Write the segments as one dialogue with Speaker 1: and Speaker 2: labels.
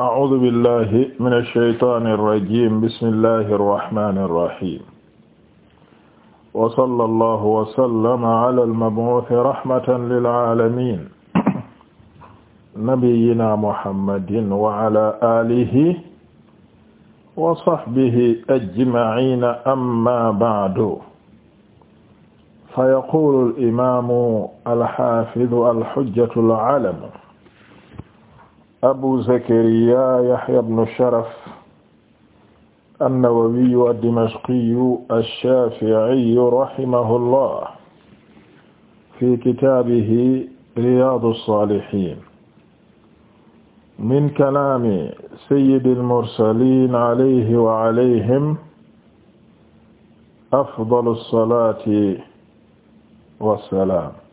Speaker 1: أعوذ بالله من الشيطان الرجيم بسم الله الرحمن الرحيم وصلى الله وسلم على المبعوث رحمة للعالمين نبينا محمد وعلى آله وصحبه أجمعين أما بعد فيقول الإمام الحافظ الحجة العلم abu zakariya yahya bnu sharaf annawawiyu addimashqiyu alshafiiyu rahimahu llah fi kitaabihi riyaadu ssaalihiin min kalaami sayyidi almursaliin alayhi wa alayhim afdalu salaati wassalaam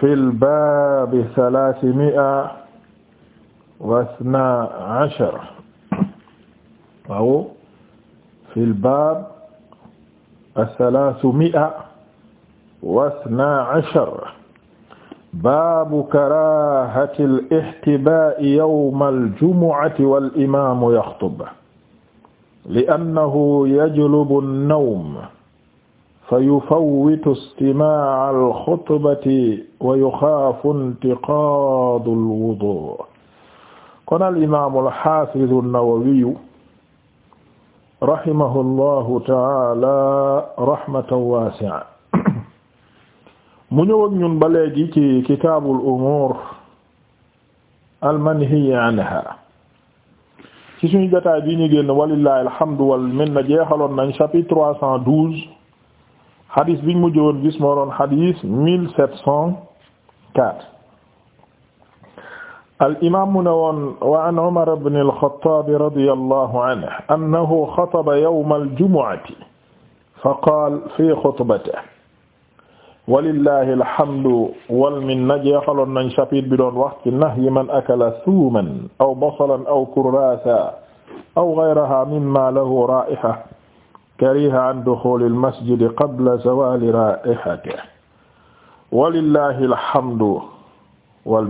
Speaker 1: fil baabi salaasimi'a wa isnaa ashar waaw fil baab salaasimi'a wa isnaa ashar baabu karaahatil ixtibaa'i yawmal jumu'ati wal imaamu yaxtub li'annahu yajlubu an-nawm fa yufawwitu istimaa'a al-xutbati wa yuxaafu intiqaadu al-wuduu' kon al-imaamu al-xaafidu an-nawawiyu rahimahu llahu ta'aala rahmatan waasi'a mu ñëw ak ñun ba léegi ci kitaabul umuur al-manhiyyi anhaa ci suñu jotaay bi ñu génn walillaahi alhamdu wal minna jeexaloon nañ chapitre 312 xadis biñ mujj woon gis moo doon xadis mille sept cent quatre al imaam mu ne woon wa an Umar ibn al-Khattab radiyallahu anhu annahu xataba yawm al-jumu'ati fa qaala fi xutbatihi walillahi alhamdu wal minna jeexaloon nañ chapitre bi doon wax ci nahyi man akala suuman aw basalan aw kurraasan aw ghayraha mimma lahu raa'iha kariha an duxuulil masjidi qabla zawaali raa'ihatihi walillahi alhamdu wal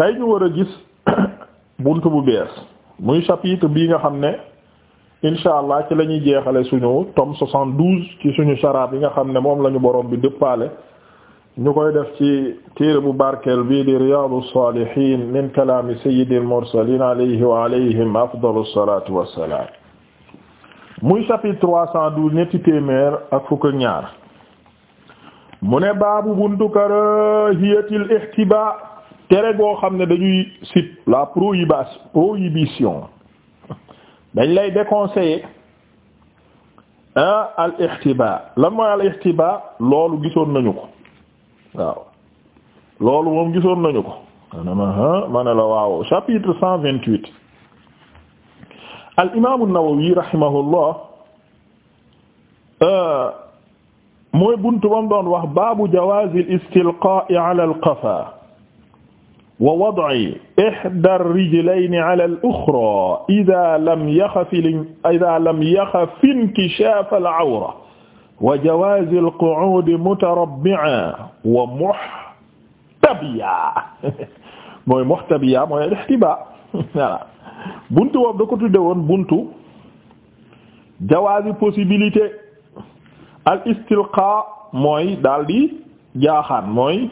Speaker 1: tey ñu war a gis buntu bu bees muy chapitre bii nga xam ne incha allah ci la jeexale suñu tome soixante douze ci suñu sharaab yi nga xam ne moom la ñu borom bi dëppaale ñu koy def ci téere bu barkeel bii di riyaadu saalihiin min kalaami sayyidil mursaliin alayhi wa alayhim afdalu salaatu wa salaam muy chapitre trois cent douze ñetti téeméer ak fukk ak ñaar mu ne baabu buntu karahiyatil ihtiba tere goo xam ne dañuy sit la prohibation prohibition dañ lay déconseiller al ihtiba lan mooy al ihtiba loolu gisoon nañu ko waaw loolu moom gisoon nañu ko anama ma ne la waaw chapitre cent vingt-huit al imaamu Nawawi rahimahullah euh, mooy buntu ba mu doon wax baabu jawaazi al-istilqaa'i ala al-qafaa wa wad'i ihdaa ar-rijlayni ala al-uxraa idaa lam yaxaf idaa lam yaxaf inkishaaf al-awra wa jawaazi al-qu'uudi mutarabbi'an wa muhtabiyan mooy muhtabiyan mooy al-ihtibaa' buntu boobu da ko tudde woon buntu jawaazi possibilité al istilqa mooy daal di jaaxaan mooy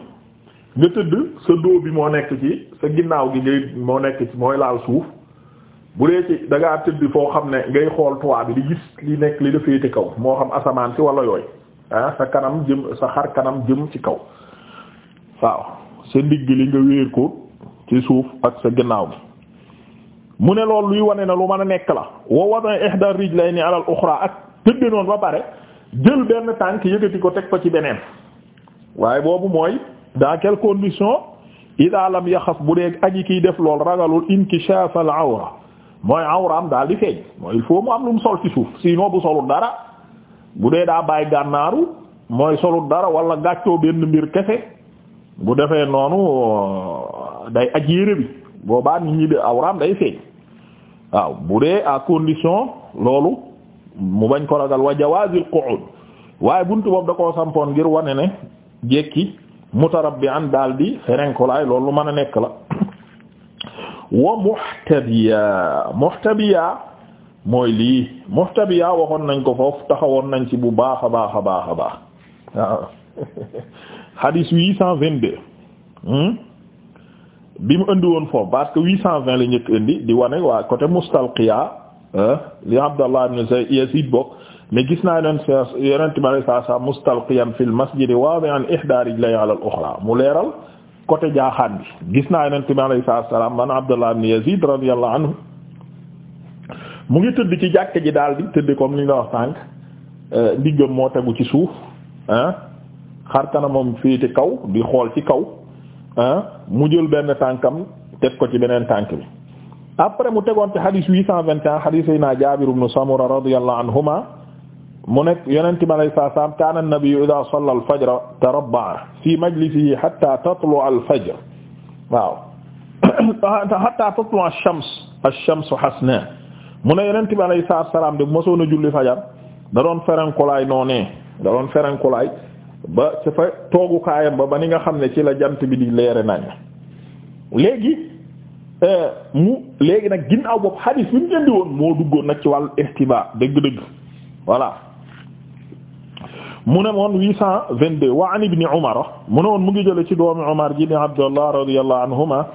Speaker 1: nga tëdd sa dóo bi moo nekk ci sa ginnaaw gi ngay moo nekk ci mooy laal suuf bu dee ci da ngaa tëdd foo xam ne ngay xool toit bi di gis li nekk li dafay te kaw moo xam asamaan si wala yooy ah sa kanam jëm sa xar kanam jëm ci kaw waaw sa ndigg li nga wéer ko ci suuf ak sa ginnaaw bi mu ne lool luy wane na lu mën a nekk la wa wada ihda rijlayni ala al-ukhra ak tëdd noonu ba pare jël benn tànk yëkkati ko teg ko ci beneen waaye boobu mooy dans quelles conditions ida lam yaxaf bu dee aji kiy def lool ragalul inkishaf al awra mooy awraam daal di feeñ mooy il faut mu am lu mu sol ci suuf sinon bu solul dara bu dee daa bàyyi gànnaaru mooy solul dara wala gàccoo benn mbir kefe bu defee noonu euh, day aj yére bi boobaa nit ñi de awraam day feeñ waaw bu dee à condition loolu mu bañ ko ragal wa jawaazil qu'ud waaye buntu boobu da koo sampoon ngir wane ne jekki mutarabbi'an daal di ferenkolaay loolu lu mën a nekk la wa muhtabiya muhtabiya mooy lii muhtabiya waxoon nañ ko foofu taxawoon nañ ci bu baax a baax a baax a baax waaw hadis bi mu indi woon foofu parce que 820 la njëkk indi di wane waa côté Mustalqiya euh, li Abdallah ibn Yazid bokk mais gis naa yeneen saa yeneen timare saa saa mustalqiyan fil masjid waadi'an ihdaa rijlayhi ala al-uxraa mu leeral côté jaaxaan bi gis naa yeneen timare saa salaam man Abdallah ibn Yazid radiyallahu anhu mu ngi tëdd ci jàkk ji daal di tëdd comme li nga wax sànq euh, ndiggam moo tegu ci suuf ah xar kana moom féete kaw di xool ci kaw. mu jël benn tànkam teg ko ci beneen tànk bi après mu tegoon ci hadith 821 hadith yi naa Jaabir ibn Samura radiyallahu anhuma mu nekk yonente bi alayhi salaatu salaam kaana an-nabiyyu idhaa sallaa al-fajra tarabba'a fii majlisihi hattaa tatlu'a al-fajr waaw hattaa tatlu'a ash-shams ash-shamsu hasnaa mu ne yonente bi alayhi salaatu salaam de bu ma soona julli fajar da doon ferenkulaay noonee da doon ferenkulaay ba ca fa toogukaayam ba ba ni nga xam ne ci la jant bi di leere nañ léegi euh, mu léegi nag ginnaaw bopp xadiis bi mu indi woon moo duggoon nag ci wàllu istiba dëgg-dëgg voilà mu ne moon huit cent vingt-deux wa an ibni umar mu ne woon mu ngi jële ci doomi umar ji ni abdullah radiyallahu anhuma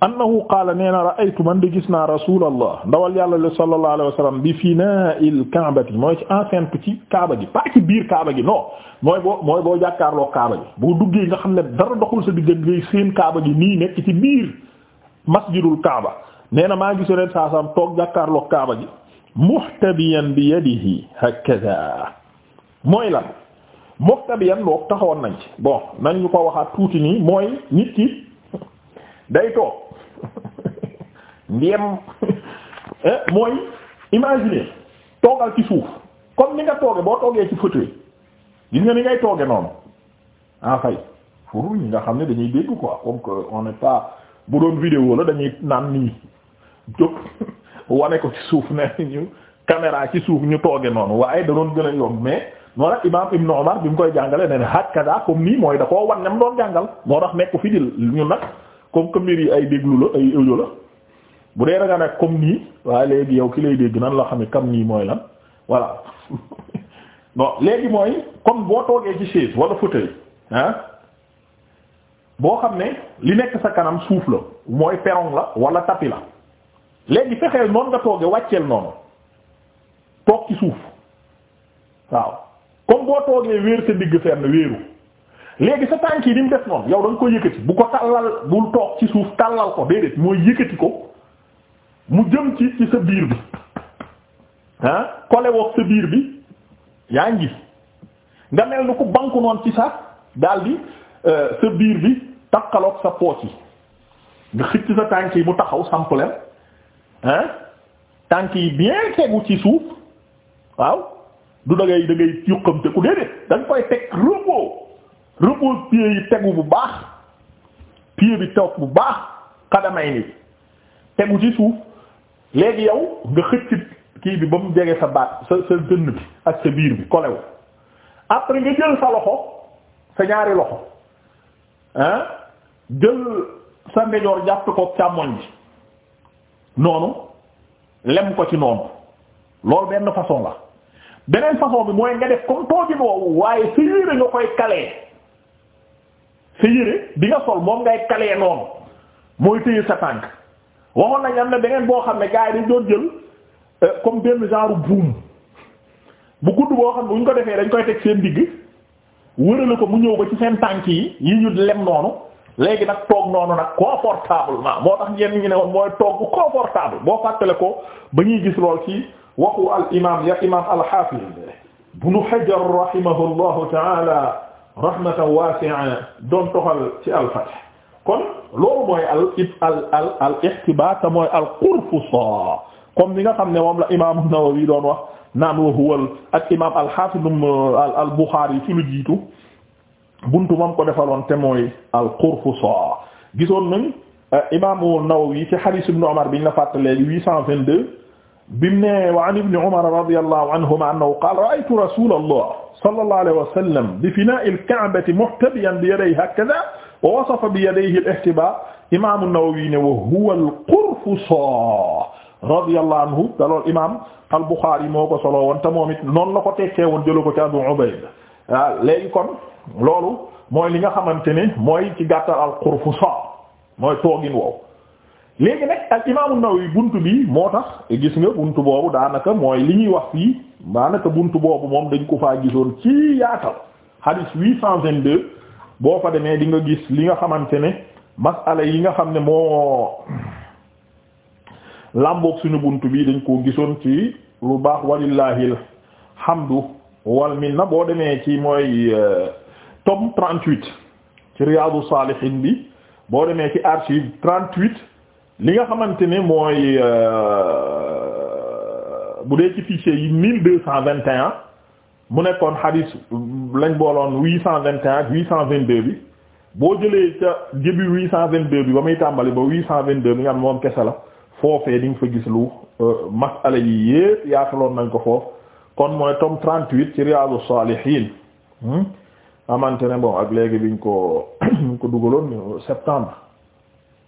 Speaker 1: annahu qaala nee na ra'aytu man de gis naa rasulallah ndawal yàlla le sallallahu alayhi wa sallam bi finaa'il kaabati mooy ci enceinte ci kaaba ji pas ci biir kaaba gi non mooy boo mooy boo jàkkaarloo kaaba gi boo duggee nga xam ne dara doxul sa diggan ngay seen kaaba gi nii nekk ci biir masjidul kaaba nee na maa gis leen saa sam toog jàkkaarloo kaaba gi muhtabiyan bi yadihi hakaza mooy lan muhtabiyan loog taxawoon nañ ci bon nañ ñu ko waxaat tuuti nii mooy nit ki ndiyem eh, mooy imaginer toogal ci suuf comme ni nga tooge boo toogee ci fauteuil gis nga ni ngay tooge noonu en ah, fait pour ñi nga xam ne dañuy dégg ko comme que on n'est pas bu doon vidéo la dañuy naan nii jóg wane ko ci suuf ne ñu caméra ci suuf ñu tooge noonu waaye da doon gën a yomb mais moo tax imaam Ibn Umar bi mu koy jàngale ne ne hakaza comme nii mooy da koo wan ne mu doon jàngal moo tax nekk fi di nag comme que mbir yi ay déglu la ay audio la bu dee da nag comme nii waa léegi yow ki lay dégg nan la xam ne comme nii mooy lan voilà bon léegi mooy comme boo toogee ci chaise wala fauteuil ah boo xam ne li nekk sa kanam suuf la mooy perron la wala tapis la léegi fexeel noonu nga tooge wàcceel noonu toog ci suuf waaw comme boo toogee wéer sa digg fenn wéeru léegi sa tànk yi ni mu def noonu yow da nga koy yëkkati bu ko tàllal bu toog ci suuf tàllal ko déedéet mooy yëkkati ko mu jëm ci ci sa biir bi ah kole sa biir bi yaa ngi nga mel ni ku banku noonu ci sa daldi euh, sa biir bi takkaloog sa poos yi nga xëcc sa tànk yi mu taxaw samplen ah tànk yi bien tegu ci suuf waaw du da ngay da ngay yuqamte ku déedéet da koy teg repos repose pied yi tegu bu baax pied bi toog bu baax xadamay ni tegu ci suuf léegi yow nga xëcc kii bi ba mu jege sa baat sa sa dënn bi ak sa biir bi kolew après nga jël sa loxo sa ñaari loxo ah jël sa ndejoor jàpp ko càmmoñ bi noonu lem ko ci noonu lool benn façon la beneen façon bi mooy nga def comme toobi boobu waaye sa yére nga koy kalee sa yére bi nga sol moom ngay kalee noonu mooy téye sa tànk waxoon nañ am na beneen boo xam ne gars yi dañ doon jël euh, comme benn genre buum bu gudd boo xam ne bu ñu ko defee dañ koy teg seen digg wërale ko mu ñëw ba ci seen tànk yi yi ñu lem noonu léegi nag toog noonu nag confortablement moo tax ñenn ñu ne woon mooy toog bu confortable boo fàttale ko ba ñuy gis lool ci waxu al imam ya imam al hafiz ibn Hajar rahimahullahu ta'ala rahmatan wasi'a doon toxal ci al-fath kon loolu mooy al al al al ihtibaat mooy al-qurfusa comme ni nga xam ne moom la imaam an-Nawawi doon wax naan wa huwa ak imaam al-Hafiz al-Bukhari ci lu jiitu buntu moom ko defaloon te mooy al-qurfusa gisoon nañ eh, imaam an-Nawawi ci hadith ibn Umar biñ la fàttalee 822 bi mu ne wa an ibn Umar radiyallahu anhuma annahu qaala ra'aytu rasulallah sallallahu alayhi wa sallam bi finaa'i al-ka'bati muhtabiyan bi yadayhi hakaza wa wasafa bi yadayhi al-ihtiba imaamu Nawawi ne wa huwa al-qurfusa radiyallahu anhu da lool imaam al-Bukhari moo ko solo woon te moom it noonu la ko tekkee woon jëloo ko ci Abu Ubayd waaw ah, léegi kon loolu mooy li nga xamante ne mooy ci gàttal al-qurfusa mooy toogin woowu. léegi nag al imaamu yi bunt bi moo tax gis nga bunt boobu daanaka mooy li ñuy wax fii daanaka bunt boobu moom dañ ko faa gisoon ci yaatal hadith 822 boo fa demee di nga gis li nga xamante ne masala yi nga xam ne moo làmboog suñu bunt bi dañ ko gisoon ci lu baax walillahil hamdu wal minna boo demee ci mooy euh, tome 38 ci Riyadou Salihine bi boo demee ci archive 38 li nga xamante ne mooy euh, bu dee ci fichier yi mille deux cent vingt et un mu nekkoon xadis lañ booloon huit cent vingt et un ak huit cent vingt deux bi boo jëlee ca début huit cent vingt deux bi ba muy tàmbali ba huit cent vingt deux bi nga xam moom kese la foofee di nga fa gis lu euh, masala yi yépp yaataloon nañ ko foofu kon mooy tome trente-huit ci Riyâdous-Sâlihîne hmm? amante ne bon ak léegi biñ ko ñu ko dugaloon euh, septembre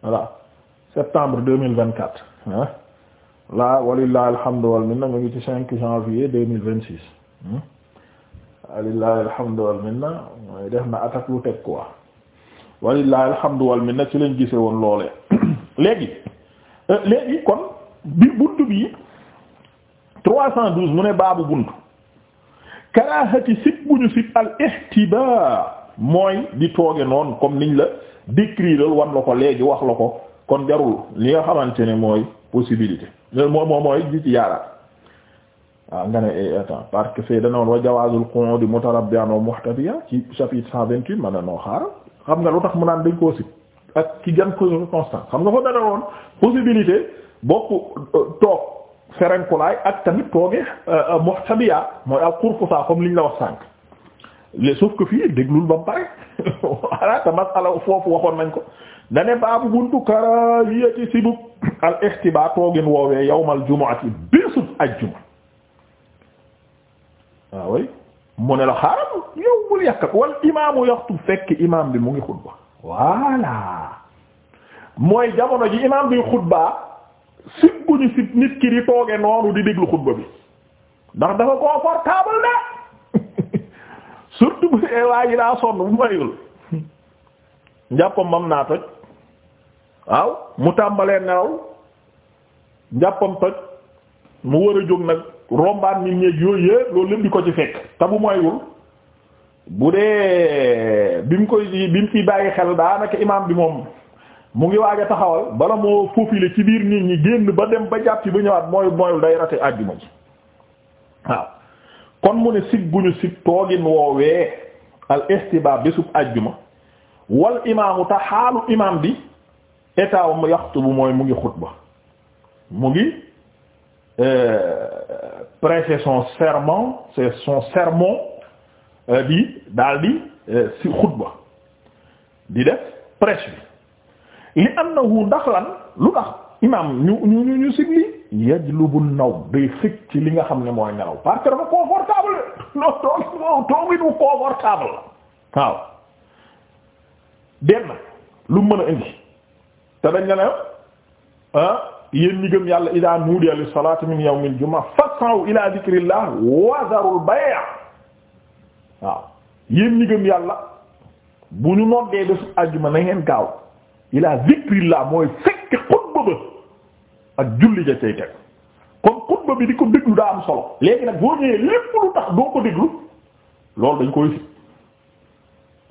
Speaker 1: voilà septembre deux mille vingt quatre ah la walillahi alhamdu wal minna mu ngi ci cinq janvier deux mille vingt six walillahi alhamdu wal mooy def na attaque lu teg quoi walillahi alhamdu wal minna ci lañ gise woon loolee léegi euh, léegi kon bi buntu bi trois cent douze mu ne baabu buntu karaahati sib bu ñu sib al ihtiba mooy di tooge noonu comme niñ la décrire wan la ko léegi wax la ko kon jarul li nga xamante ne mooy possibilité moo moo mooy di ci yaaraat waaw nga ne eh, attends parce que fee danoon wa jawaazul qu'ud mutarabbi'an wa muhtadiya ci chapitre cent vingt-huit man noo xaaral xam nga lu tax mu naan dañ koo si ak ci gan constant xam nga fa danoon possibilité bokk euh, toog ferenkulaay ak tamit toogee euh, euh, muhtadiya mooy ak qurfusa comme liñ la wax sànq les sauf que fii déglul ba pare alaata masala foofu waxoon nañ ko dane baabu buntu karahiyati sibuk al ihtiba toogin woowee yawmal jumu'ati bésub ajjuma waawooy mu ne la xaaral yow bul yàkkat wal imaamu yaxtub fekk imaam bi mu ngi xutba voilà mooy jamono ji imaam bi xutba sib gu ñu sib nit ki di tooge noonu di déglu xutba bi ndax dafa confortable na surtout bu dee waa ji daa sonn bu mayul njàppam mam naa toj waaw mu tàmbalee nelaw njàppam toj mu war a jóg nag rombaan nit ñeeg yooyu yëpp loolu lépp ko ci fekk te bu bu dee bi mu koy bi mu fi bàyyi xel daanaka imaam bi moom mu ngi waaj a taxawal bala moo faufile ci biir nit ñi génn ba dem ba jàpp ci ba ñëwaat mooy mooyul day rate àjjuma ji waaw kon mu ne sig guñu sig toogin woowee al istiba bésub àjjuma wal imaamu te xaalu imaam bi état mu yaxtu bu mooy mu ngi xutba mu ngi euh, prêcher son serment c'est son sermon euh, di xut ci euh, xutba di def prêche bi li am na wu ndax lan lu tax imam ñu ñu ñu ñu sigli yajlubu naw day fekk ci li nga xam ne mooy nelaw parce dafa confortable non toog toogit wu lu mën a indi te dañ ne ah yéen ñi gëm yàlla idaa nuudiya li salaati min yawmil jumaa fas'aw ila dhikrillah wa dharul bay' waaw yéen ñi yàlla bu ñu noddee bésu àjjuma na ngeen gaaw ila dhikrillah mooy fekk xutba ba ak julli ja cay teg kon xutba bi di ko déglu daa am solo léegi nag boo ñëwee lépp lu tax doo ko déglu loolu dañ koy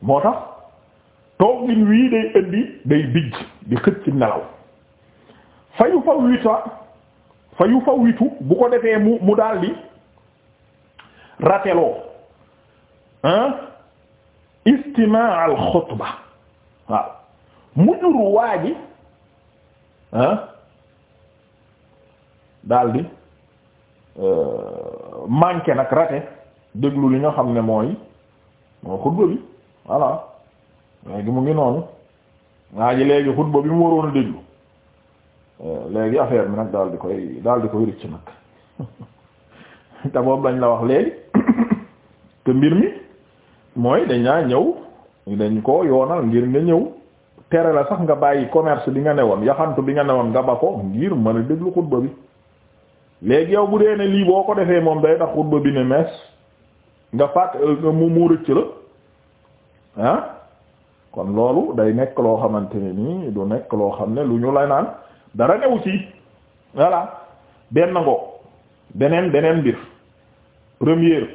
Speaker 1: moo tax toggin wii day indi day bijj di xëcc nelaw fa yu fa wita fa yu fa witu bu ko defee mu mu daldi rateloo ah istimaa al waaw mu juru waa ah daldi euh, manqué nag rate déglu li nga xam ne mooy moo xutba bi voilà léegi mu ngi noonu waa ji léegi xutba bi mu waroon a déglu eh, léegi affaire bi nag daal di koy daal di koy rëcc nag te boobu lañ la wax léegi te mbir mi mooy dañ naa ñëw dañ ko yoonal ngir nga ñëw tere la sax nga bàyyi commerce bi nga ne newoon yaxantu bi nga newoon nga ba ko ngir mën a déglu xutba bi léegi yow bu dee ne lii boo ko defee moom day tax xutba bi ne mees nga fàtt euh, mu mu rëcc la ah kon loolu day nekk loo xamante ne nii du nekk loo xam ne lu ñu la naan dara new ci voilà benn ngo beneen beneen mbir première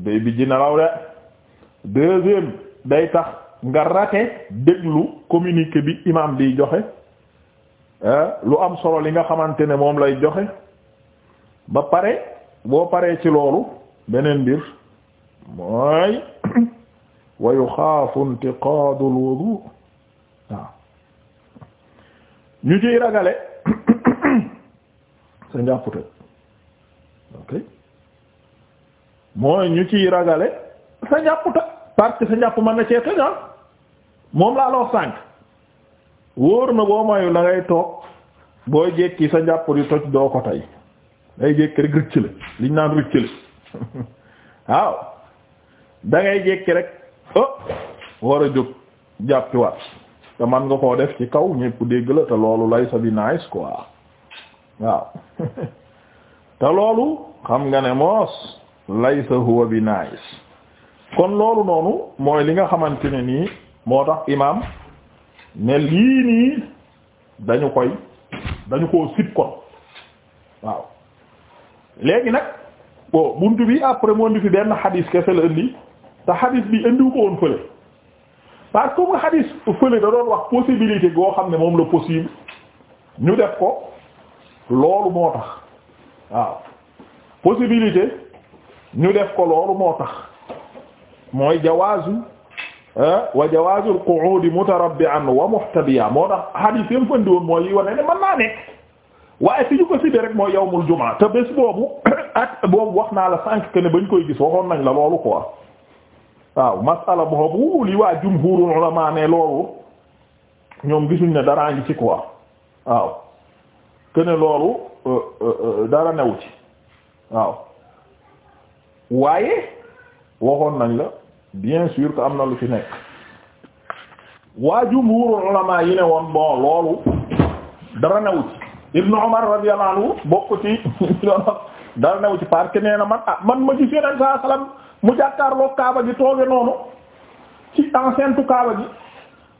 Speaker 1: day bijji nelaw de deuxième day tax nga raté déglu communiqué bi imam bi joxe lu am solo li nga xamante ne moom lay joxe ba pare boo paree ci loolu beneen mbir mooy wa yuxaafu intiqaadu alwudu waaw ñu ciy ragale sa njàpp tëj ok mooy ñu ciy ragale sa njàpp tëj parce sa njàpp mën na cee tëj ah moom laa loo sànq wóor na boo mayu na toog booy jékki sa njàpp di toj doo ko tey day jékki rek rëcc la liñ naan rëcc la waaw da ngay jékki rek oh war a jóg jàppiwaat te man nga koo def ci kaw ñépp dégg la te loolu lay sa bi nice xam nga ne moos lay sa kon loolu noonu mooy li nga xamante ne nii moo tax imaam ne lii nii dañu koy dañu koo sib kon waaw léegi nag bon buntu bi après mu indi fi benn xadiis kese la indi te xadis bi indiwu ko woon fële parce que comme xadis fële da wax possibilité goo xam ne moom la possible ñu def ko loolu moo tax waaw possibilité ñu def ko loolu moo tax mooy jawaazu ah, wa jawaazul qu'uudi mutarabbi'an wa muhtabiya moo tax xadis yam fandi woon mooy yi wane ne mën naa nekk waaye fi ñu ko sidde rek mooy yawmul jumaa te bés boobu ak boobu wax naa la sànq que ne bañ koy gis waxoon nañ la loolu quoi waaw masala boobu li waa jumhurul ulama ne loolu ñoom gisuñ ne daraa ngi ci quoi waaw que loolu euh, euh, euh, dara newu ci waaw waaye waxoon nañ la bien sur que am na lu ci nekk waa jumhurul ulama yi ne woon bon loolu dara newu ci ibnu umar radiyallahu anhu bokk ci dara newu ci parce que nee na man ah, man ma gis yeneen saa salaam mu jàkkaarloo kaaba gi tooge noonu ci enceinte kaaba gi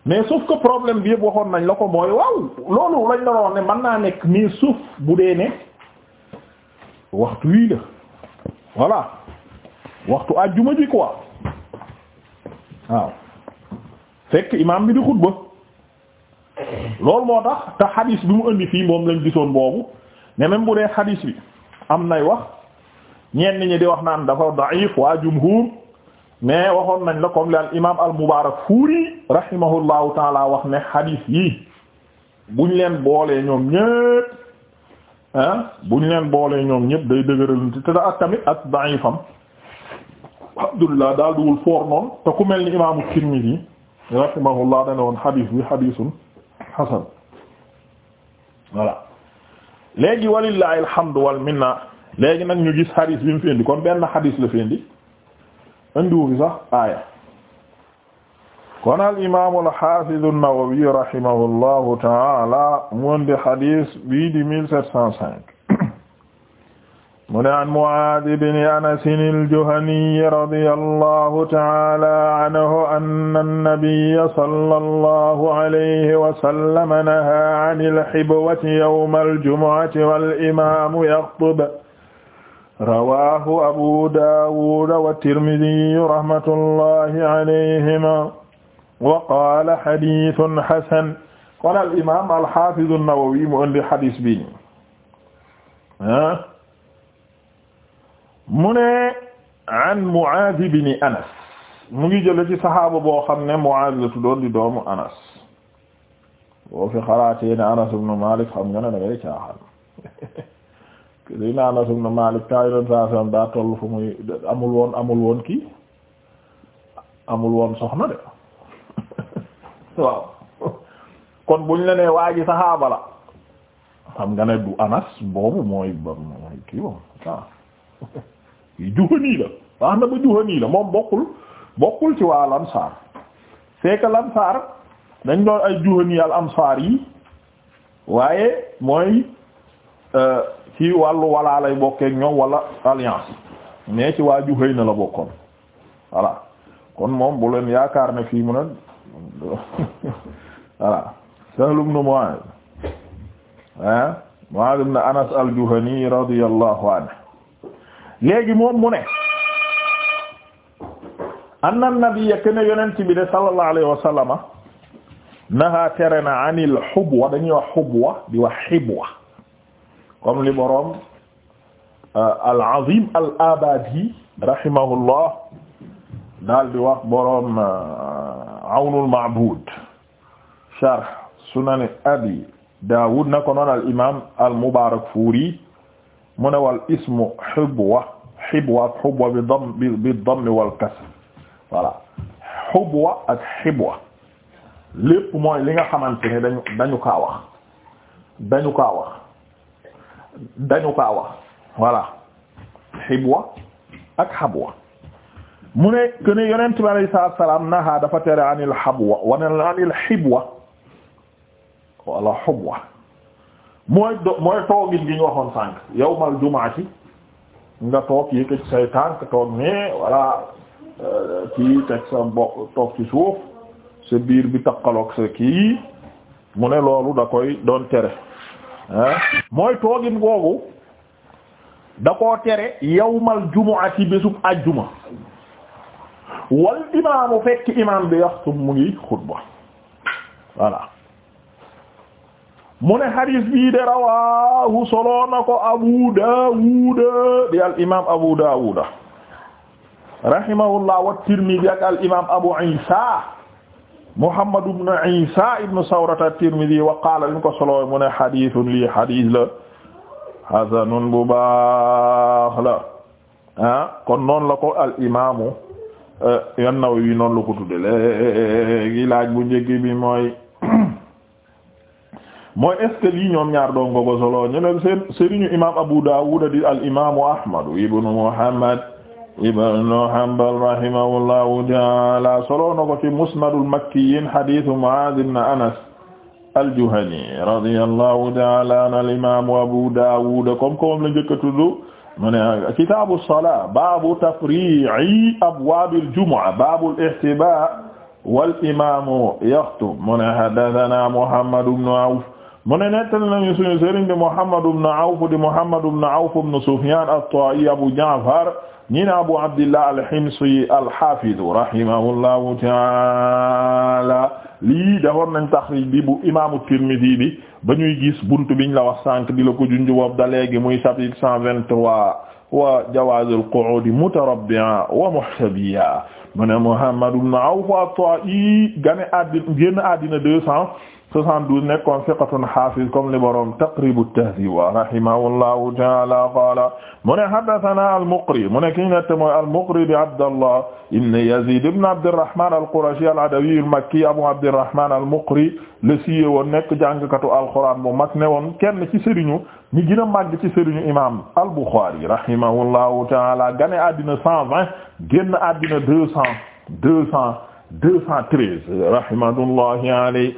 Speaker 1: mais sauf que problème bi yëpp waxoon nañ la ko mooy waaw loolu lañ la doon ne mën naa nekk mais suuf bu dee ne waxtu wii la voilà waxtu àjjuma ji quoi waaw fekk imaam bi di xutba loolu moo tax te xadiis bi mu indi fii moom lañ gisoon boobu ne même bu dee xadiis bi am nay wax. ñenn ñi di wax naan dafa da'if waa jumhur mais waxoon nañ la comme li al imaam al mubaarak fuuri rahimahullahu taala wax ne hadith yi buñu leen boolee ñoom ñépp ah buñ leen boolee ñoom ñépp day dëgëral te da ak tamit ak da'ifam alhamdulillah daal duwul foor noonu te ku mel ni imaamu tirmidhi rahimahullah dane woon hadith bi hadithun hasan voilà léegi walillahi alhamdu wal léegi nag ñu gis xadis bi mu fendi kon benn xadis la fendi indiwu fi sax aaya kon al imaam al xaafiz an-Nawawi rahimahullahu taala mu indi xadis bii di mille sept cent cinq mu ne an Muaaz ibn Anas al-Juhani radiyallahu taala anhu anna an-nabiyya sallallahu alayhi wa sallam nahaa anil hibwati yawmal jumu'ati wal imaamu yaxtub rawaahu abu daawuda wa tirmidiyu rahmatullahi alayhima wa qaala xadiisun xasan qaala al imaam al xaafidu nawawi mu indi xadis bi ah mu ne an Muaaz ibn Anas mu ngi jële ci saxaaba boo xam ne Muaaz la tuddoon di doomu Anas boo fi xalaatee ne Anas ibn Maalik xam nga ne da ngay caaxaan Seydina Anas ibn Malik taa yoon saa salaam daa toll fu muy amul woon amul woon kii amul woon soxna de waaw kon buñ la nee waa ji saxaaba la xam nga ne du Anas boobu mooy ba mooy kii moom ah Juhani la wax na ba Juhani la moom bokkul bokkul ci waa Ansaar c'est que dañ doon ay Juhani al Ansaar yi waaye mooy. Euh, ci wàllu walaa lay bokkeek wala alliance mais ci waa Juhayna na la bokkoon voilà kon moom bu leen yaakaar ne fii mu ne voilà sahlum nu Mu'aaz ah Mu'aaz ibn Anas al-Juhani radiyallahu anhu léegi moom mu ne anna nabiyya kana yonent bi de sallallahu alayhi wa naha terena anil xubwa dañuy wax xubwa di wax xibwa comme li boroom euh, al-Azim al-Abadi rahimahullah daal di wax boroom euh, Awnul Ma'bud sharh sunan Abi Dawud na ko noon al imam al-Mubarakfuri mu ne wal ismu hubwa hibwa hubwa bi damm bi damm wal kasr voilà hubwa ak hibwa lépp mooy li nga xamante ne dañu dañu kaa wax dañu kaa wax dañu kaa wax voilà xibwa ak xabwa mu ne que yonent bi alayhi salaatu salaam naha dafa tere anil xabwa wala anil xibwa wala xubwa mooy do mooy toogin gi ñu waxoon sànq yawmal jumaati nga toog yëkkati say tànk toog ne wala euh, kii teg toog ci suuf sa biir bi takkaloog sa kii mu ne loolu da koy doon tere. mooy toogim googu da tere yawmal jumu'ati bésub ajjuma wal imaamu fekk imaam bi yaxtum mu ngi xutba voilà mu ne xadiis bii rawaahu solo na ko abu daawuda di al imaam abu daawuda rahimahullah wa tirmidi ak al imaam abu isa Muhammad ibn Isa ibn Sawrata at-Tirmidhi wa li ñu ko soloo mu li xadiisun lii la xasanun bu baax la ah kon noonu la ko al imaamu eh, an-Nawawi noonu la ko tudde léegi bu njëkk bi mooy mooy est-ce que ñoom ñaar doon ko ko soloo ñeneen seen sëriñu Abu Dawud al imaamu Ahmad ibn Muhammad ibnu Hanbal rahimahullahu taala solo na ko ci musnadul makkiyin hadisu Muaaz ibn Anas al-Juhani radiyallahu taala an al-imaamu Abu Daawuud comme comme la njëkk a tudd mu ne kitaabu salaa baabu tafrii'i abwaabil jumu'a baabul ihtibaa' wal imaamu yaxtub mu ne haddasanaa Muhammad ibn Awf mu ne nettali nañu suñu sëriñ di Muhammad ibn Awf di Muhammad ibn Awf ibn Sufyan at-Ta'i Abu Ja'far ñi ne Abu Abdillah al-Himsi al-Hafiz rahimahullahu ta'ala lii defoon nañ taxrij bi bu imaamu Tirmidhi bi ba ñuy gis bunt biñ la wax sànq di la ko junj boobu da léegi muy chapitre cent vingt-trois wa jawaazul qu'uudi mutarabbi'an wa muhtabiyan mu ne Muhammad ibn Awf at-Ta'i gane àddina génn àddina deux cents 72 nekkoon fiqatun hafiz comme li borom Taqrib at-Tahdhib rahimahullahu ta'ala qala mu ne haddathana al-Muqri mu ne ki ñu nette mooy al-Muqri di Abdallah ibn Yazid ibn Abdirrahman al-Qurashi al-Adawi al-Makki Abu Abdirrahman al-Muqri le siiwee woon nekk jàngkatu alxuraan bu mag ne woon kenn ci sëriñu ñi gën a màgg ci sëriñu imam al-Bukhari rahimahullahu ta'ala gane àddina 120 génn àddina 200 200 213 rahimatullahi alayhi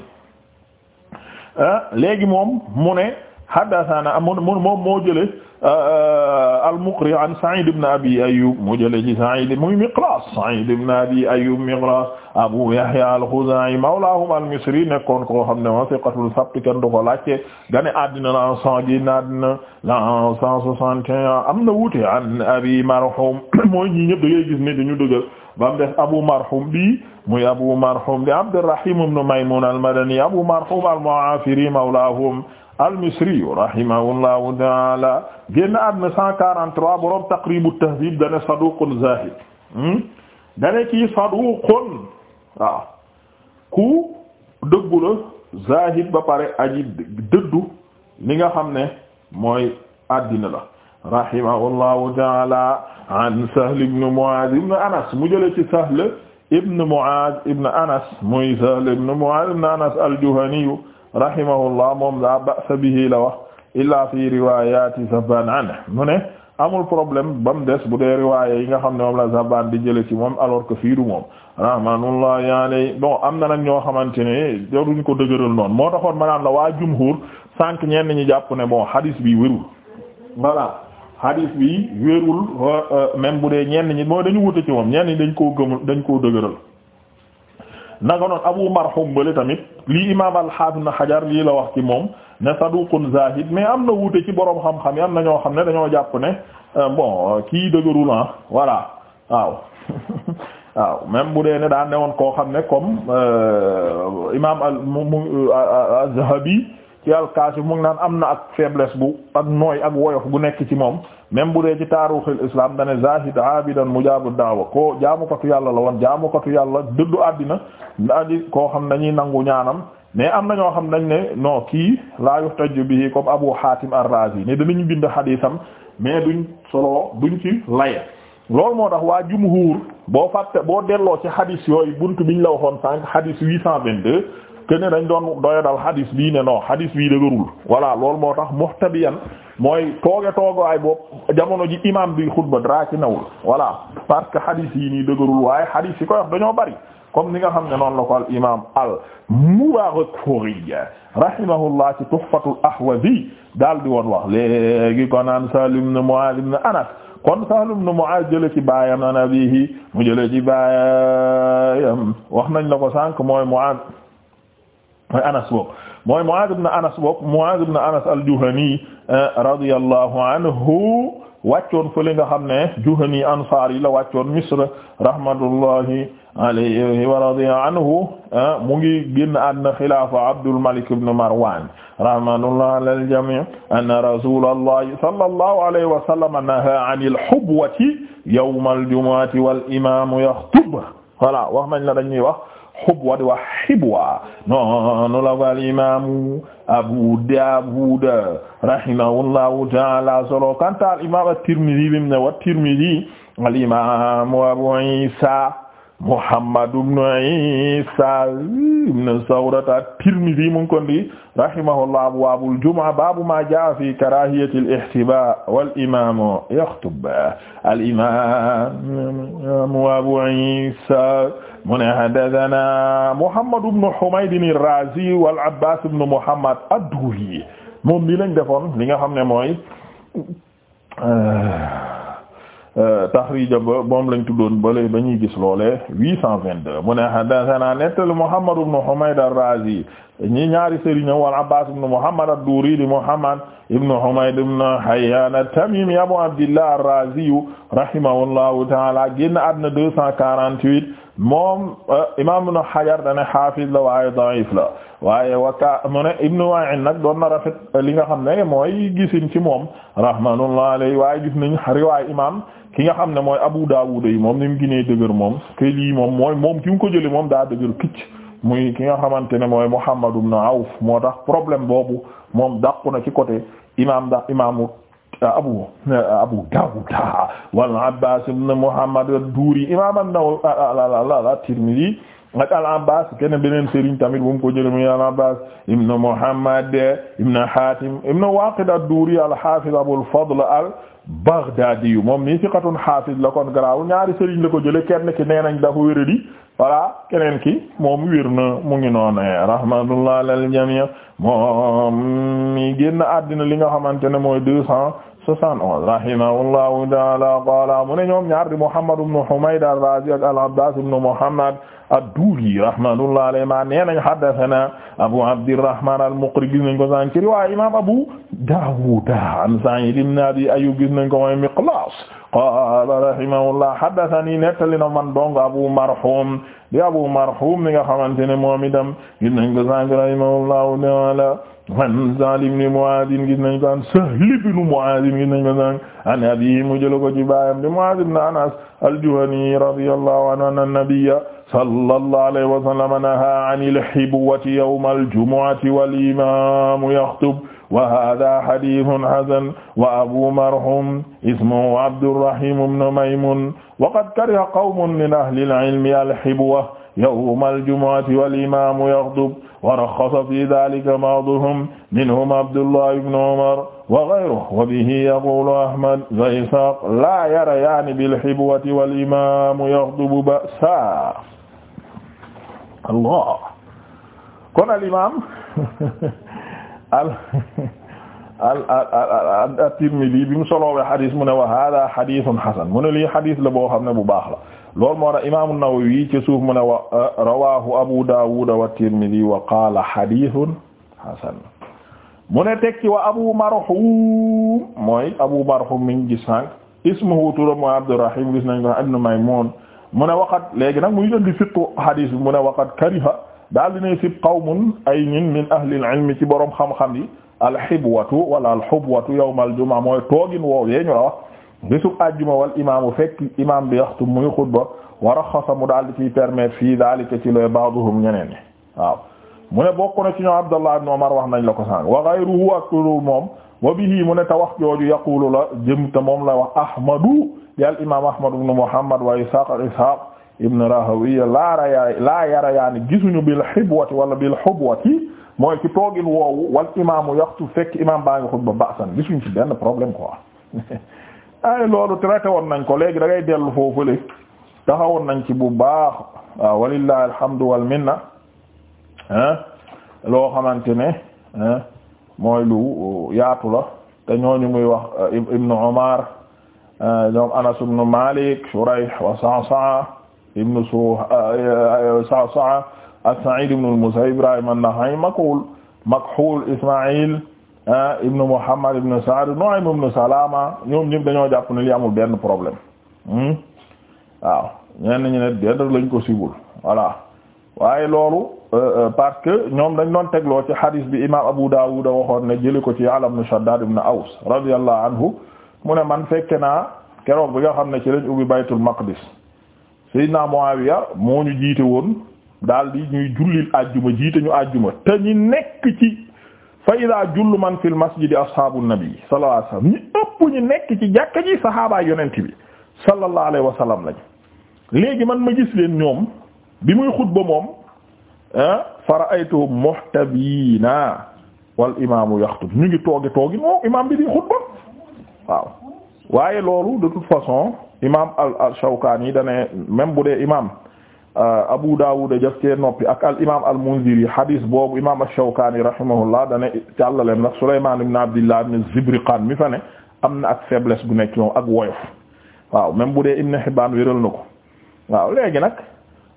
Speaker 1: Ah, léegi moom mu ne haddathana mu moom moo jële ah, ah, al an Sa'id ibn Abi Ayyub mu jële ci Sa'id muy Miqlas Sa'id ibn Abi Ayyub Miqlas Abu Yahya al-Khuzai mawlahum nekkoon koo xam ne wa thiqatul kenn du ko laajte gane àddina la cent génn àddina la cent soixante et am na wuute an Abi Marhum mooy ñi ñëpp da ngay gis ne dañu dëggal ba Abu Marhum bi muy abu marhum di abdurrahim ibn maymun almadani abu marhum almu'afiri mawlahum almisri rahimahullahu taala génn àdduna 143 borom taqribu tahdhib dane saduqun zahid hmm? dane kii saduqun waaw ku dëggu la ba pare aji dëddu li nga xam ne mooy àddina la rahimahullahu taala an sahl ibn mu'adh ibn anas mu jële ci sahl ibn Mu'aaz ibn Anas muy Sahl ibn Mu'aaz ibn Anas al-Juhaniyu moom laa ba'sa bihi la wax illaa fi riwaayaati Zabbaan anhu mu ne amul problème ba mu des bu dee riwaaya yi nga xam ne moom la Zabbaan di jële ci moom alors que fii du moom rahmatullahi alayhi bon am na nag ñoo xamante ne joruñ ko dëgëral noonu moo taxoon ma naan la waa jumhur sànq ñenn ñi jàpp ne bo hadis bi wérul voilà hadis bi wéerul euh, euh, même bu dee ñenn ñi mooy dañu wute ci moom ñenn ñi dañ koo gëmul dañ koo dëgëral naka noon abu marhum bale tamit lii imaam al na xajar lii la wax ci moom ne saduqun zahid mais am na wute ci boroom xam-xam yi am na ñoo xam ne dañoo jàpp ne euh, bon kii dëgërul ah voilà waaw waaw même bu dee ne daa woon koo xam ne comme imaam al mu mu az-zahabi ci alkaasi mu ngi naan am na ak faiblesse bu ak nooy ak woyof gu nekk ci moom même bu dee ci taaruxil islam dane zahid abidan mujabu daawa koo jaamukatu yàlla la woon jaamukatu yàlla dëddu àddina aji koo xam dañuy nangu ñaanam mais am na ñoo xam dañ ne non kii laa yuhtaju bihi comme abu hatim ar-razi ne danañu bind xadiisam mais duñ solo duñ ci laye loolu moo tax waa jumhuur boo fàtte boo delloo ci xadiis yooyu bunt ñu la waxoon sànq xadiis 822 que ne dañ doon doyadal hadis bii ne non hadis bii dëgërul voilà loolu moo tax muxtabiyan mooy tooge ay boobu jamono ji imam bi xutba dara ci nawul voilà parce que hadis yi nii dëgërul waaye hadis yi koy wax dañoo bari comme ni nga xam ne noonu la ko al imam al Mubarakfuri rahimahullah ci Tuhfatul Ahwazi daal di woon wax léegi ko naan Salim ibn Mu'adh ibn Anas kon Sahl ibn Mu'adh jële ci baayam an abiihi mu jële baayam wax nañ la ko sànq mooy Mu'adh mooy Anas boobu mooy Muaaz ibn Anas boobu Muaaz ibn Anas al-Juhani eh, radiyallahu anhu wàccoon fële nga xam ne Juhani Ansaar yi la wàccoon Misr rahmatullahi alayhi wa radiya anhu eh, mu ngi génn àddina xilaafa Abdul Malik ibn Marwan rahmatullahi ala al-jamii' anna rasulallahi sallallahu alayhi wa sallam nahaa anil hubwati yawmal jumu'ati wal imaamu yaxtubu voilà wax nañ la dañuy wax xubwa di wax xibwa noonu la ko alimamu abu daawud rahimahullahu taala solo kanta alimam at-tirmidhi bi mu ne wa at-tirmidhi alimamu abu isa muhammad ibn isa ibn sawrat at-tirmidhi mu ngi kon di rahimahullah abwaabul jumaa baabu maa jaa fi karaahiyati al-ihtibaa wal imaamu yaxtub al imaamu abu isa mu ne haddathana Muhammad ibn Humayd ar-Razi wal Abbas ibn Muhammad ad yi moom nii lañ defoon li nga xam ne mooy euh, euh, taxriij ba moom lañ tuddoon bale ba ñuy gis loole 822 mu ne haddathana nettal Muhammad ibn Humayd ar-Razi ñi ñaari sëriñam wal Abbas ibn Muhammad ad-Duri di Muhammad ibn Humayd ibn Hayyan tamimi Abu Abdillah ar-Razi rahimahullahu ta'ala génn àddina moom euh, imaam ibn Hajar dane xaafis la waaye da'if la waaye waka mu ne Ibn Ma'in nag doon na rafet li nga xam ne mooy gisin ci moom rahmatullahi alayhi waaye gis nañ riwaay imaam ki nga xam ne mooy Abu Dawud yi moom ni mu ginee dëgër moom te lii moom mooy moom ki mu ko jëlee moom daa dëgër picc muy ki nga xamante ne mooy Muhammad ibn Awf moo tax problème boobu moom dàqu na ci côté imaam ndax imaamu abu abu dawud wal abbas ibn muhammad ad-duri imam an-nawawi at-tirmidhi ak al abbas kenn beneen sëriñ tamit bu mu ko jëlee muy al abbas ibn muhammad ibn hatim ibn waqid ad-duri al-hafiz abu al-fadl al-baghdadi moom ni thiqatun hafiz la kon garaaw ñaari sëriñ la ko jëlee kenn ki nee nañ dafa wéradi voilà keneen ki moom wér na mu ngi noonu rahmatullah alal jami' moom mi génn àddina li nga xamante ne mooy deux cent 71 rahimahullahu ta'ala qala mu ne ñoom ñaar di Muhammad ibn Humayd ar-Razi ak al-Abbas ibn Muhammad ad-Duli rahmatullahi alayhima nee nañ haddathana Abu Abdirrahman al-Muqri gis nañ ko sànq ci riwaaya imam Abu Dawud an Sa'id ibn Abi Ayyub gis nañ ko mooy Miqlas qala rahimahullah haddathani nettali na man dong Abu Marhum di Abu Marhum mi nga xamante ne moom itam gis nañ ko sànq rahimahullahu ta'ala an Sahl ibn Mu'aaz gis nañ ko an Sahl ibn Mu'aaz gis nañ ko sànq an abiihi mu jël ko ci baayam di Mu'aaz ibn Anas al-Juhani radiyallahu anhu anna nabiyya sallallahu alayhi wa sallam nahaa anil hibwati yawmal jumu'ati wal imaamu yaxtub wa haaza hadiisun hasan wa abuu marhum ismuhu Abdurrahiim ibn Maymuun wa qad kariha qawmun min ahlil ilmi al-hibwa yawmal jumu'ati wal imaamu yaxdub wa raxxasa fi daalika ba'duhum minhum Abdullah ibn Umar wa ghayruhu wa bihi yaqulu Ahmad wa Ishaaq laa yarayaani bil hibwati wal imaamu yaxdubu ba'sa Allah kon al imaam al-Tirmidhi bi mu soloowe xadis mu ne wa haaza xadiisun hasan mu ne lii xadis la boo xam ne bu baax la loolu moo tax imaamu Nawawi ci suuf mu ne wa eh, rawaahu Abu Dawud wa Tirmidhi wa qaala hadithun hasan mu ne tekki wa Abu Marhum mooy Abu Marhum min gis sànq ismuhu turam mooy Abdurrahim gis nañ ko ibn Maymun mu ne waqat léegi nag muy indi fiqhu hadith bi mu ne waqat kariha daal di ne sib qawmun ay ñun min ahli al-ilm ci borom xam-xam yi alxibwatu wala alxubwatu yawm al-jumu'a mooy toogin woowu yee ñu la wax. bésub àjjuma wal imaamu fekk imaam bi yaxtu muy xutba wa raxasa mu daal di ciy permettre fii daalika ci le ba'duhum ñeneen ñi waaw mu ne bokk na ci ñoo Abdallah ibn Umar wax nañ la ko sànq wa ghayruhu ak moom wa bihi mu ne te wax jooju yaqulu la jëm te moom la wax Ahmadu yal imaam Ahmad ibn Muhammad wa Ishaq Ishaq ibn Rahawiya laa raya laa yara yaani gisuñu bil xibwati wala bil xubwati mooy ci toogin woowu wal imaamu yaxtu fekk imaam baa ngi xutba ba'san gisuñu ci benn problème quoi ay loolu traité woon nañ ko léegi da ngay dellu foofule taxawoon nañ ci bu baax waaw walillahi alhamdu wal minna loo xamante ne mooy lu yaatu la te ñooñu muy wax eh, ibnu Umar eh, ñoom Anas ibnu Malik Shurayh wa Sa'sa'a ibnu su eh, Sa'sa'a ak Sa'id ibnu al-Musayyib Ibrahim an-Nakha'i Makhul Makhul Isma'il Eh, ibn Muhammad ibn Sa'd Nu'aym ibn Salama ñoom ñëpp dañoo jàpp ne li amul benn problème hmm? waaw ñenn ñu ne déedéet lañ ko siwul voilà waaye loolu eh, eh, parce que ñoom dañ doon tegloo ci hadith bi imam Abu Dawud waxoon ne jëli ko ci Ya'la ibn Shaddad ibn Aws radiyallahu anhu mu ne man fekke naa keroog bi nga xam ne ci lañ ubbi baytul maqdis sayyidina Muawiya moo ñu jiite woon daal di ñuy jullil àjjuma jiite ñu àjjuma te ñi nekk ci fa ida jullu man fil masjidi ashaabu nabi sallallahu alayhi wasallam ñu ëpp ñu nekk ci jàkka ji saxaabaay yonent bi sallallahu alayhi wasallam lañu léegi man ma gis leen ñoom bi muy ba moom ah, fa ra'aytuhum muhtabiina wal imaamu yaxtub ñu ngi toogi toogi moom imaam bi di xutba waaw waaye loolu de toute façon imaam al al Shawkaani dane même bu dee imaam Euh, Abu Dawud daf cee noppi ak al imaam al Munziri hadis boobu imaam ash-Shawkani rahimahullah dane càllaleem nag Sulaymaan ibn Abdillah ibn Zibriqaan mi fa ne am na ak faiblesse bu nekk moom ak woyof waaw même bu dee Ibn Hibbaan wéral na ko waaw léegi nag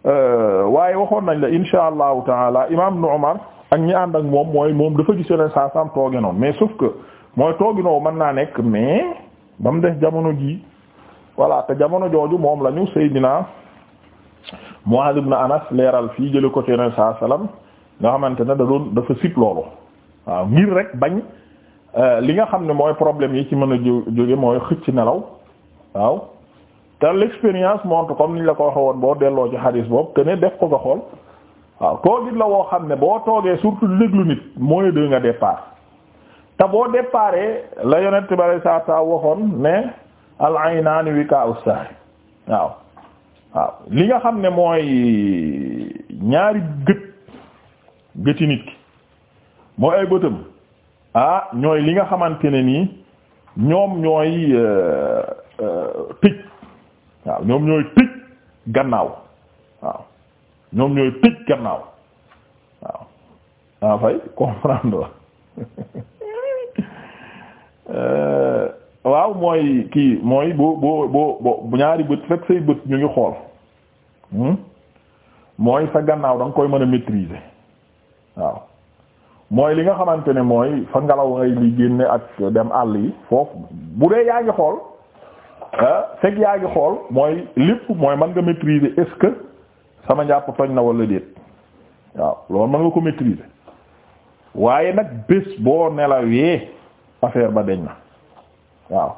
Speaker 1: euh, waaye waxoon nañ la insha allahu taala imaam Nu'man ak ñi ànd ak moom mooy moom dafa gis yeneen saa saam tooge noonu mais sauf que mooy tooge noonu mën naa nekk mais ba mu jamono jii voilà te jamono jooju moom la ñu Seydina. Muaz ibn Anas leeral fii jële ko ci Yonent saa salaam nga xamante ne da doon dafa sib loolu waaw ngir rek bañ euh, li nga xam ne mooy problème yi ci mën a jóge mooy xëcc nelaw waaw te l'expérience montre comme niñ la ko waxee woon boo delloo ci xadis boobu que ne def ko nga xool waaw toogit la woo xam ne boo toogee surtout léglu nit mooy de nga départ te boo départ la Yonent bi saa saa waxoon ne al aynaani wikaa'u saa'im waaw. waaw li nga xam ne mooy ñaari gët gëti nit ki mooy ay bëtam ah ñooy li nga xamante ne nii ñoom ñooy euh, euh, tëj waaw ñoom ñooy tëj gannaaw waaw ñoom ñooy tëj gannaaw waaw daa ah, fay comprendre mooy kii mooy boo boo boo ñaari bët fekk say bët ñu ngi xool hmm? mooy sa gannaaw da koy mën a maîtriser waaw mooy li nga xamante ne mooy fa ngelaw ngay li génne ak dem àll yi foofu bu dee yaa ngi xool fekk yaa ngi xool mooy lépp mooy man nga maîtriser est-ce que sama njàpp toj na wala déet waaw loolu mën nga ko maîtriser waaye nag bés boo nelawee affaire ba deñ na waaw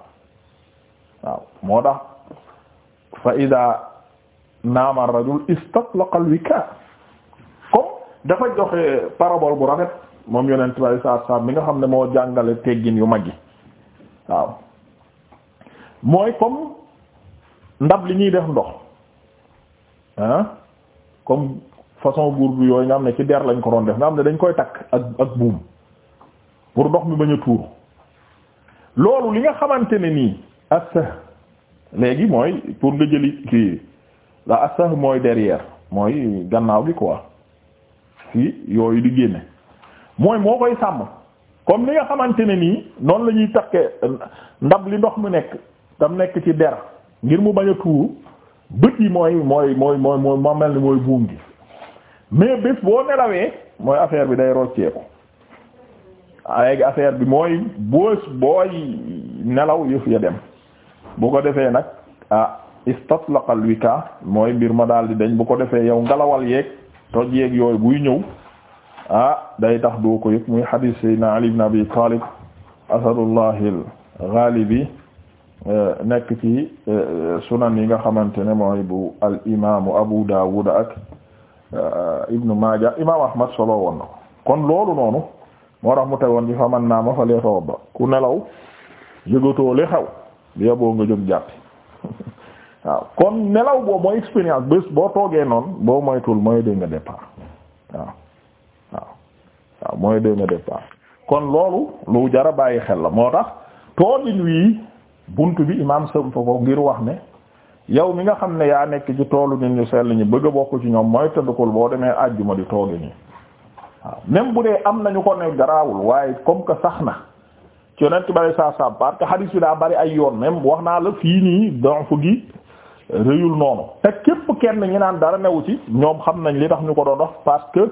Speaker 1: waaw moo tax fa ida naama rajul istatlaqa al wika comme dafa joxe parabole bu rafet moom yonent bi saab saab mi nga xam ne moo jàngale teggin yu mag yi waaw mooy comme ndab li ñuy def ndox ah comme façon guur bi yooyu nga xam ne ci der lañ ko doon def nga xam ne dañ koy takk ak ak buum pour ndox mi bañ a tuur loolu li nga xamante ne nii assah léegi mooy pour nga jëli kii la assah mooy derrière mooy gannaaw gi quoi si yooyu di génne mooy moo koy sàmm comme li nga xamante ne nii noonu la ñuy takkee ndab li ndox mu nekk tam nekk ci der ngir mu bañ a tuuru bët yi mooy mooy mooy mooy mooy moo mel ni mooy buum gi mais bés boo nelawee mooy affaire bi day rocceeku léegi affaire bi mooy boo booy nelaw yëf ya dem bu ko defee nag ah istatlaqa al mooy mbir ma daal di dañ bu ko defee yow ngalawal yeeg toj yeeg yooyu buy ñëw a ah, day tax du ko yëg muy hadith sayyidina Ali ibn Abi Talib asadullahi al-ghalibi eh, nekk ci eh, sunan yi nga xamante ne mooy bu al imaamu Abu Dawud ak eh, Ibn Maaja imaam Ahmad solo woon kon loolu noonu moo tax mu tegoon ci fa man naa fa lee tawadda ku nelaw yëgatoo li xew yoboo nga jóg jàppi waaw kon nelaw boobu mooy expérience boo toogee noonu boo moytul mooy dégg nga départ waaw waaw waaw mooy dégg nga départ kon loolu lu jara bàyyi xel la moo tax toolin wii bunt bi imam sëm fa ko ngir wax ne yow mi nga xam ne yaa nekk ci toolu nit ñu sell ñu bëgg a bokk ci ñoom mooy tëndukul boo demee àjjuma di tooge nii waaw même bu dee am nañu ko ne garaawul waaye comme que sax na ci yonent ci bari saa saam parce que hadith bi daa bari ay yoon même wax naa la fii nii donc fu gi réyul noonu te képp kenn ñi naan dara newu ci ñoom xam nañ li tax ñu ko doon wax parce que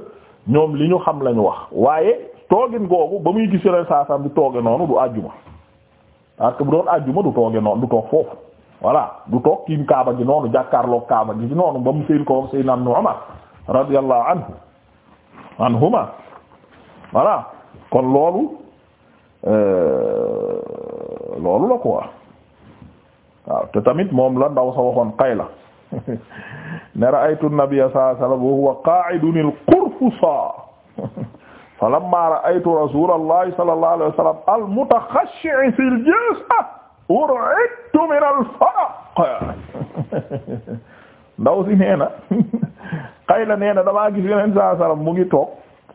Speaker 1: ñoom li ñu xam lañu wax waaye toogin googu ba muy gis yonent saa saam tooge noonu du àjjuma parce que bu doon àjjuma du tooge noonu du toog foofu voilà du toog kiim kaaba gi noonu jàkkaarloog kaaba gi noonu ba mu seen ko seen am nu Umar radiyallahu anhu anhuma Euh, loolu la quoi waaw te tamit moom la ndaw sa waxoon Qayla ne ra'aytu nabiyya sallallahu alayhi wa sallam wa huwa qaa'idun al-qurfusa falamma ra'aytu rasulallahi sallallahu alayhi wa sallam al-mutakhashshi'a fi al-jas'a ur'idtu min al-faraq ndaw si nee na Qayla nee na damaa gis yeneen sallallahu alayhi wa sallam mu ngi toog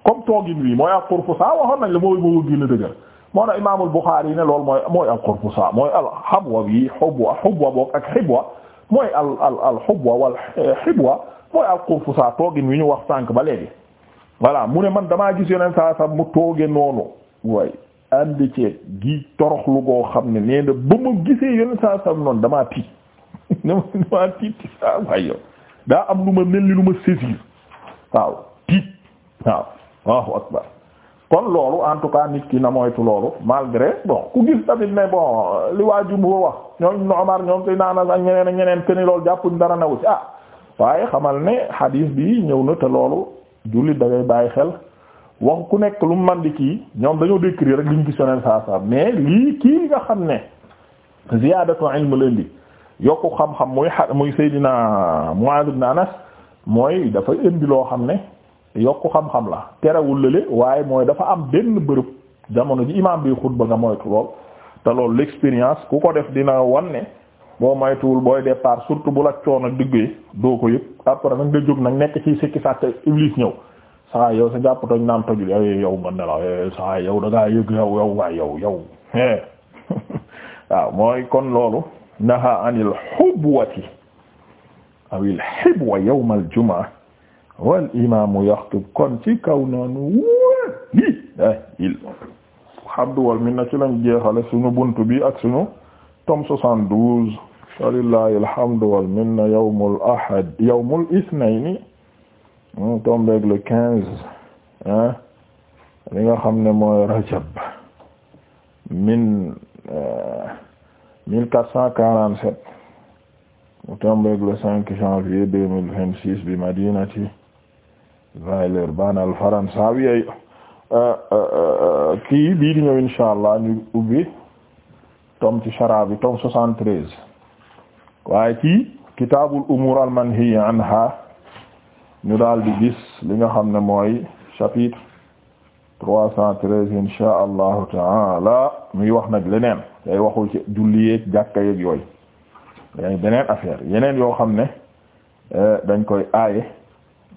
Speaker 1: comme toogin wi mooy al-qurfusa waxoon nañ la mooy moo gën a dëgër moo na imaamul Buxaari ne lool mooy mooy al qurfusa mooy al xabwa bi xubwa xubwa boog ak xibwa mooy al al al xubwa wal xibwa mooy al qurfusa toogin wi ñu wax sànq ba léegi. voilà mu ne man damaa gis yeneen saa sax mu tooge noonu waaye andi ceeb gi toroxlu goo xam ne nee na ba mu gisee yeneen saa sax noonu damaa tiit damaa tiit ah daa am lu ma mel ni lu ma saisir waaw tiit waaw waaw akbar kon loolu en nit ki na moytu loolu malgré bon ku gis tamit ne bon li waa jumhur wax ñoom Ibn Umar ñoom Seydina Anas ak ñeneen ak ñeneen te loolu jàppuñ dara nawu ci ah waaye xamal ne hadis bi ñëw na te loolu jullit da bàyyi xel wax ku nekk lu man di kii ñoom dañoo décrire rek liñ gis yoneen saa saa mais lii kii nga xam ne ziyaadatu ilm leen di yokku xam-xam muy muy Seydina Mu'adh na Anas mooy dafa indi loo xam ne yokk xam-xam la terewul lële waaye mooy dafa am benn bërëb jamono ji imaam bi ba nga moytu lool te loolu l'expérience ku ko def dina wan ne boo moytuwul booy départ surtout bu la coono duggee doo ko yëg après nag nga jóg nag nekk ci sikki sàkk iblis ñëw saa yow sa jàpp toj naan tojul yow nga ne la eh, saa yow da ngaa yëg yow yow waay yow yow eh. waaw mooy kon loolu naha anil xubwati awil xibwa yawmal jumaa wal imaamu yaxtub kon ci kaw noonu wali ah il hamdu wal minna ci lañ jeexale suñu buntu bi ak suñu tom soixante-douze walillahi alhamdu wal minna yawmul ahad yawmul isnayni tombeeg le quinze ah li nga xam ne mooy rajab min euh, mille quatre cent quarante-sept mu tombeeg cinq janvier deux mille vingt-six bi madinati Villeurbanne al-Faransawi ay euh, euh, euh, kii bii di ñëw insha allah ñu ubbi tom ci Shara bi tom 73 waaye ci kitaabul umuur al-manhiyyi anha ñu daal di gis li nga xam ne mooy chapitre 313 insha allahu taala muy wax nag leneen day waxul ci julli yeek jàkka yeek yooyu beneen affaire yeneen yoo xam ne dañ koy aaye.